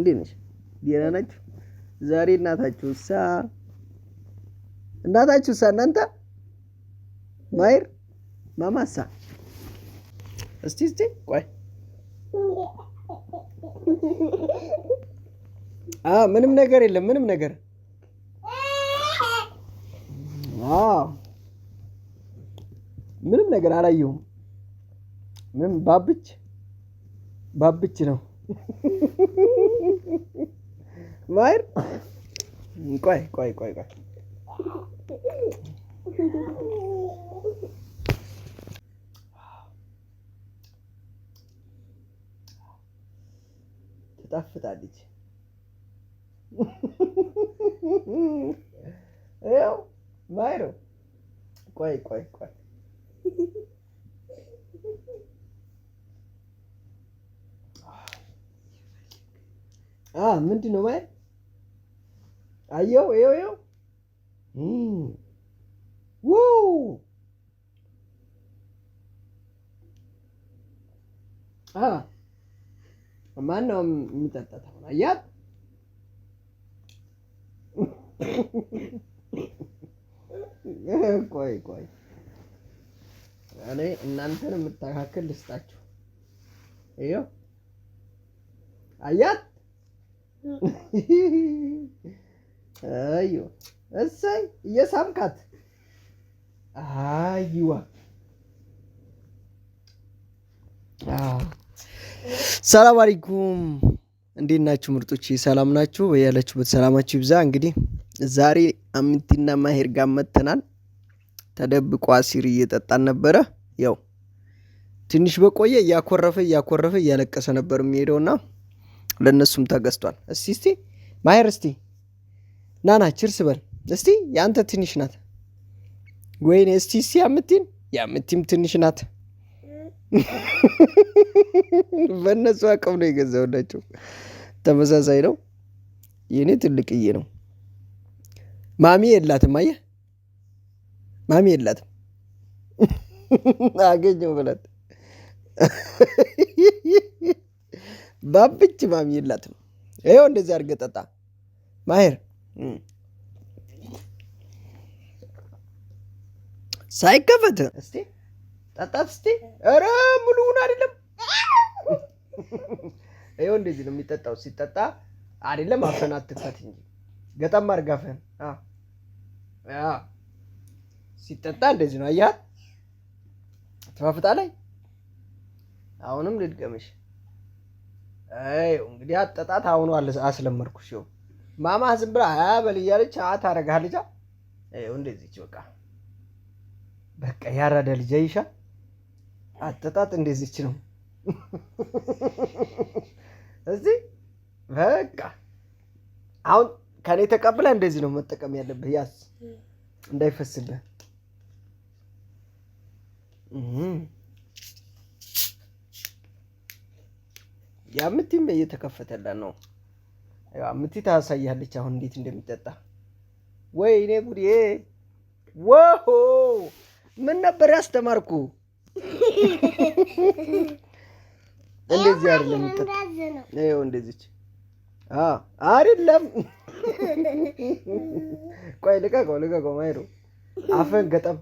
እንዴት ነሽ? ደህና ናችሁ? ዛሬ እናታችሁ ሳ እናታችሁ ሳ እናንተ ማይር ማማሳ እስቲ እስቲ ቆይ አ ምንም ነገር የለም ምንም ነገር አ ምንም ነገር አላየሁም። ምን ባብች ባብች ነው Mar? Corre, corre, corre, corre. Tu tá furado, Eu? Mairo? Corre, corre, corre. ነው ማለት አየው ይው ይው ው ማነው የሚጠጣታውን አያት ቆይ ቆይ እኔ እናንተን የምታካክል ልስጣችሁ ይኸው አያት አዩ እሰይ እየሳምካት አይዋ ሰላም አለይኩም እንዴት ናችሁ ምርጦች? ሰላም ናችሁ? ያላችሁበት ሰላማችሁ ይብዛ። እንግዲህ ዛሬ አምንቲና ማሄር ጋር መተናል። ተደብቆ አሲር እየጠጣን ነበረ። ያው ትንሽ በቆየ እያኮረፈ እያኮረፈ እያለቀሰ ነበር የሚሄደውና ለእነሱም ተገዝቷል። እስቲ እስቲ ማየር እስቲ ናና ችርስ በል እስቲ የአንተ ትንሽ ናት ወይኔ እስቲ እስቲ ያምቲን ያምቲም ትንሽ ናት። በእነሱ አቅም ነው የገዛውላቸው። ተመሳሳይ ነው። የእኔ ትልቅዬ ነው። ማሚ የላትም። አየህ ማሚ የላትም። አገኘው ብላት ባብች ማሚ ነው። ይኸው እንደዚህ አድርገህ ጠጣ ማሄር። ሳይከፈት እስቲ ጠጣት እስቲ። ኧረ ሙሉውን አይደለም። ይኸው እንደዚህ ነው የሚጠጣው። ሲጠጣ አይደለም አፈን አትክፈት እንጂ ገጠም አርጋፈን ሲጠጣ እንደዚህ ነው። አያት ትፋፍጣ ላይ አሁንም ልድገምሽ እንግዲህ አጠጣት አሁኑ አስለመድኩ ሲሆ ማማ ዝም ብላ በል እያለች ታረጋለች። እንደዚች በቃ በቃ ያራደ ልጅ አይሻ አጠጣት እንደዚች ነው። እዚህ በቃ አሁን ከኔ ተቀብለ እንደዚህ ነው መጠቀም ያለብህ። ያስ እንዳይፈስልህ የአምቲም እየተከፈተላት ነው። አምቲ ታሳያለች አሁን እንዴት እንደሚጠጣ። እኔ ጉዴ! ወሆ ምን ነበር ያስተማርኩ? እንደዚህ አይደለም የሚጠጣ። ይኸው እንደዚች አይደለም። ቆይ ልቀቀው፣ ልቀቀው። ማይሩ አፈን ገጠም።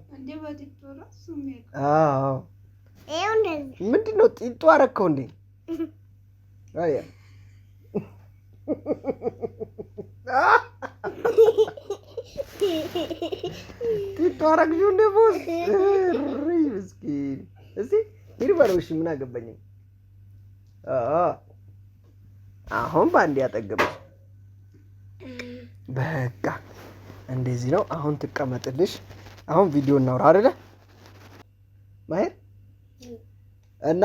ምንድን ነው ጢጦ አረከው እንዴ? Öyle. ታረግዡን ደግሞ እሪ ምስኪን እስኪ ሂድ በለው። እሺ ምን አገባኝ። አሁን በአንድ ያጠገበች በቃ እንደዚህ ነው። አሁን ትቀመጥልሽ። አሁን ቪዲዮ እናውራ አይደለ ማየት ። እና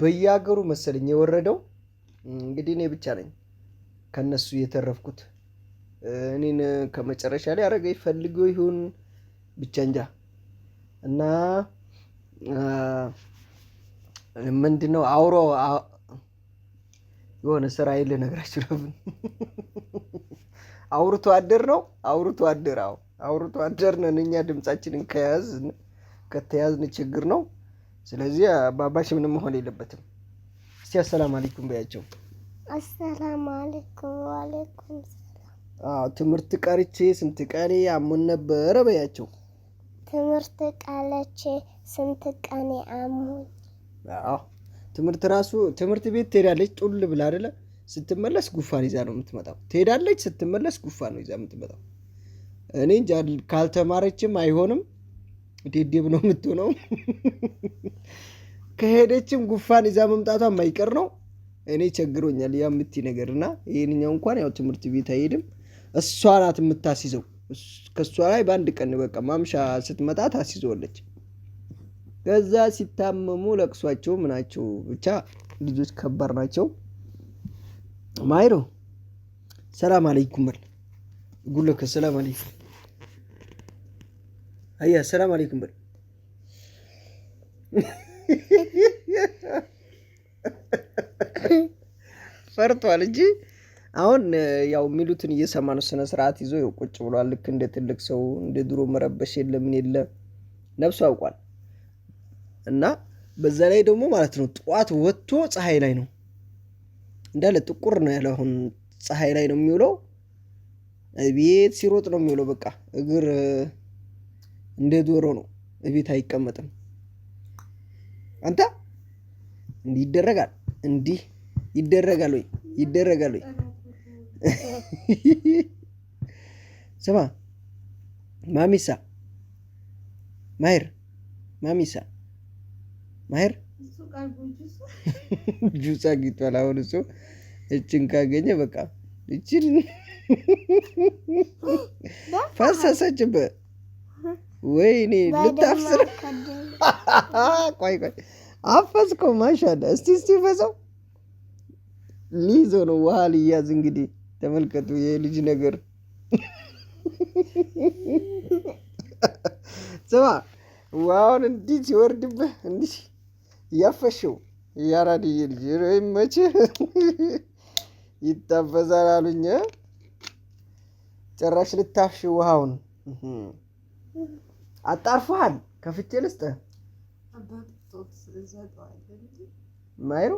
በየሀገሩ መሰለኝ የወረደው። እንግዲህ እኔ ብቻ ነኝ ከነሱ የተረፍኩት። እኔን ከመጨረሻ ላይ አረገ ፈልገው ይሁን ብቻ እንጃ። እና ምንድን ነው አውሮ የሆነ ስራ የለ ነገራችሁ ነበር። አውርቶ አደር ነው አውርቶ አደር አዎ አውርቶ አደር ነን እኛ ድምጻችንን ከያዝ ከተያዝን ችግር ነው። ስለዚህ አባባሽ ምንም መሆን የለበትም። እስቲ አሰላም አለይኩም በያቸው። አሰላም አለይኩም ወአለይኩም ሰላም። ትምህርት ቀርቼ ስንት ቀኔ አሞን ነበረ በያቸው። ትምህርት ቀለቼ ስንት ቀን አሞኝ። ትምህርት ራሱ ትምህርት ቤት ትሄዳለች ጡል ብላ አደለ ስትመለስ ጉፋን ይዛ ነው የምትመጣው። ትሄዳለች ስትመለስ ጉፋን ነው ይዛ የምትመጣው። እኔ ካልተማረችም አይሆንም ዴዴብ ነው የምትሆነው። ከሄደችም ጉፋን ይዛ መምጣቷ የማይቀር ነው። እኔ ቸግሮኛል ያ ምቲ ነገር እና ይህንኛው እንኳን ያው ትምህርት ቤት አይሄድም። እሷ ናት የምታስይዘው። ከእሷ ላይ በአንድ ቀን በቃ ማምሻ ስትመጣ ታስይዘዋለች። ከዛ ሲታመሙ ለቅሷቸው ምናቸው ብቻ ልጆች ከባድ ናቸው። ማይሮ ሰላም አለይኩም በል ጉለከ ሰላም አለይኩም አየህ ሰላም አለይኩም በል። ፈርቷል እንጂ አሁን ያው የሚሉትን እየሰማ ነው። ስነ ስርዓት ይዞ ይኸው ቁጭ ብሏል። ልክ እንደ ትልቅ ሰው እንደ ድሮ መረበሽ የለ ምን የለ ነፍሱ አውቋል። እና በዛ ላይ ደግሞ ማለት ነው ጠዋት ወጥቶ ፀሐይ ላይ ነው እንዳለ ጥቁር ነው ያለ። አሁን ፀሐይ ላይ ነው የሚውለው። ቤት ሲሮጥ ነው የሚውለው። በቃ እግር እንደ ዶሮ ነው፣ እቤት አይቀመጥም። አንተ እንዲህ ይደረጋል፣ እንዲህ ይደረጋል ወይ ይደረጋል ወይ? ስማ ማሚሳ ማሄር ማሚሳ ማሄር ጁስ አግኝቷል። አሁን እሱ እችን ካገኘ በቃ እችን ፈሰሰችበት። ወይኔ ልታፍስር። ቆይ ቆይ አፈስከው። ማሻለ እስቲ እስቲ ፈሰው ሊይዞ ነው ውሃ ልያዝ። እንግዲህ ተመልከቱ የልጅ ነገር ስማ፣ ውሃውን እንዲህ ሲወርድብህ እንዲህ እያፈሽው እያራድዬ ልጅ ወይም መቼ ይታፈሳል አሉኝ። ጭራሽ ልታፍሽ ውሃውን አጣርፈሃል። ከፍቼ ልስጥህ። ማይሩ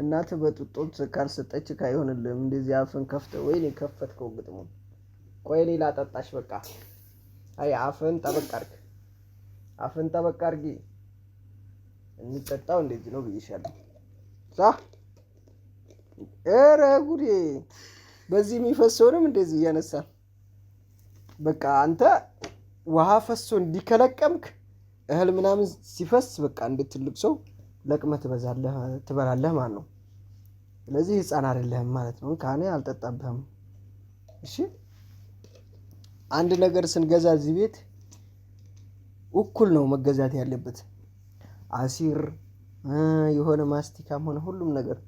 እናት በጡጦት ካልሰጠች ካይሆንልም እንደዚህ አፍን ከፍተ ወይኔ ከፈትከው ግጥሙ። ቆይ እኔ ላጠጣሽ። በቃ አይ አፍን ጠበቅ አድርግ፣ አፍን ጠበቅ አድርጊ። የሚጠጣው እንደዚህ ነው ብዬሻለሁ። ዛ ኧረ ጉዴ! በዚህ የሚፈሰውንም እንደዚህ እያነሳ በቃ አንተ ውሃ ፈሶ እንዲከለቀምክ እህል ምናምን ሲፈስ በቃ እንደ ትልቅ ሰው ለቅመ ትበላለህ ማለት ነው። ስለዚህ ህፃን አይደለህም ማለት ነው። ካኔ አልጠጣብህም። እሺ አንድ ነገር ስንገዛ እዚህ ቤት እኩል ነው መገዛት ያለበት። አሲር የሆነ ማስቲካም ሆነ ሁሉም ነገር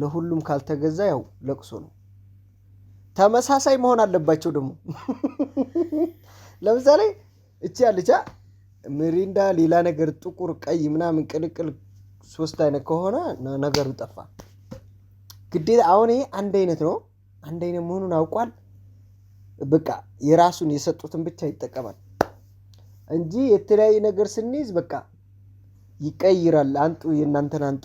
ለሁሉም ካልተገዛ ያው ለቅሶ ነው። ተመሳሳይ መሆን አለባቸው ደግሞ ለምሳሌ እቺ ያልቻ ምሪንዳ ሌላ ነገር ጥቁር፣ ቀይ ምናምን ቅልቅል ሶስት አይነት ከሆነ ነገሩ ጠፋ። ግዴታ አሁን ይሄ አንድ አይነት ነው። አንድ አይነት መሆኑን አውቋል። በቃ የራሱን የሰጡትን ብቻ ይጠቀማል እንጂ የተለያየ ነገር ስንይዝ በቃ ይቀይራል። አንጡ የእናንተን አንጡ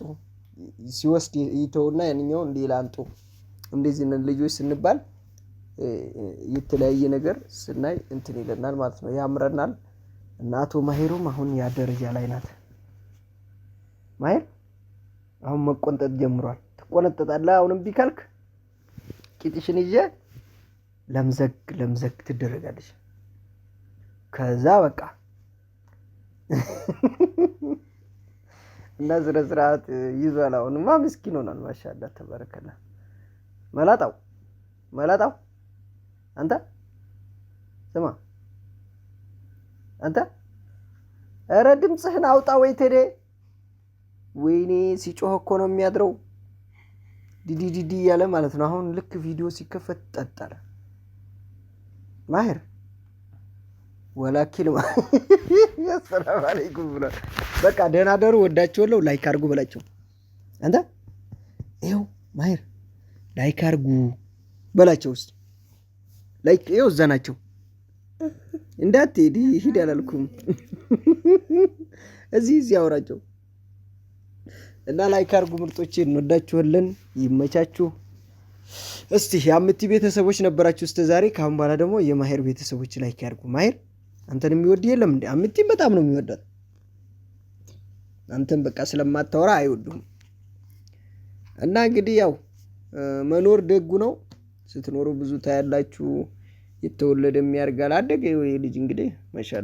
ሲወስድ ይተውና ያንኛውን ሌላ አንጡ። እንደዚህ ልጆች ስንባል የተለያየ ነገር ስናይ እንትን ይለናል ማለት ነው፣ ያምረናል። እና አቶ ማሄሩም አሁን ያ ደረጃ ላይ ናት። ማሄር አሁን መቆንጠጥ ጀምሯል። ትቆነጠጣለህ። አሁንም ቢካልክ ቂጥሽን ይዤ ለምዘግ ለምዘግ ትደረጋለች። ከዛ በቃ እና ስነ ስርዓት ይዟል። አሁንማ ምስኪን ሆኗል። ማሻላ ተበረከላ መላጣው መላጣው አንተ ስማ አንተ ኧረ ድምፅህን አውጣ ወይ ቴዴ። ወይኔ ሲጮህ እኮ ነው የሚያድረው። ዲዲ እያለ ማለት ነው። አሁን ልክ ቪዲዮ ሲከፈት ጠጠረ ማሄር ወላኪል አሰላም አለይኩም ብሏል። በቃ ደህና ደሩ። ወዳችኋለሁ። ላይክ አድርጉ በላቸው። አንተ ይኸው ማሄር ላይክ አድርጉ በላቸው ውስጥ ላይክ ይኸው እዛ ናቸው። እንዳትሄድ ሂድ አላልኩም። እዚህ እዚህ አውራቸው እና ላይክ አድርጉ። ምርጦቼ እንወዳችኋለን። ይመቻችሁ። እስቲ የአምቲ ቤተሰቦች ነበራችሁ እስከ ዛሬ። ከአሁን በኋላ ደግሞ የማሄር ቤተሰቦች ላይክ ያድርጉ። ማሄር አንተን የሚወድ የለም እንዴ? አምቲም በጣም ነው የሚወዳት። አንተን በቃ ስለማታወራ አይወዱም። እና እንግዲህ ያው መኖር ደጉ ነው። ስትኖሩ ብዙ ታያላችሁ። የተወለደ ያድጋል አደገ ልጅ እንግዲህ ማሻአላ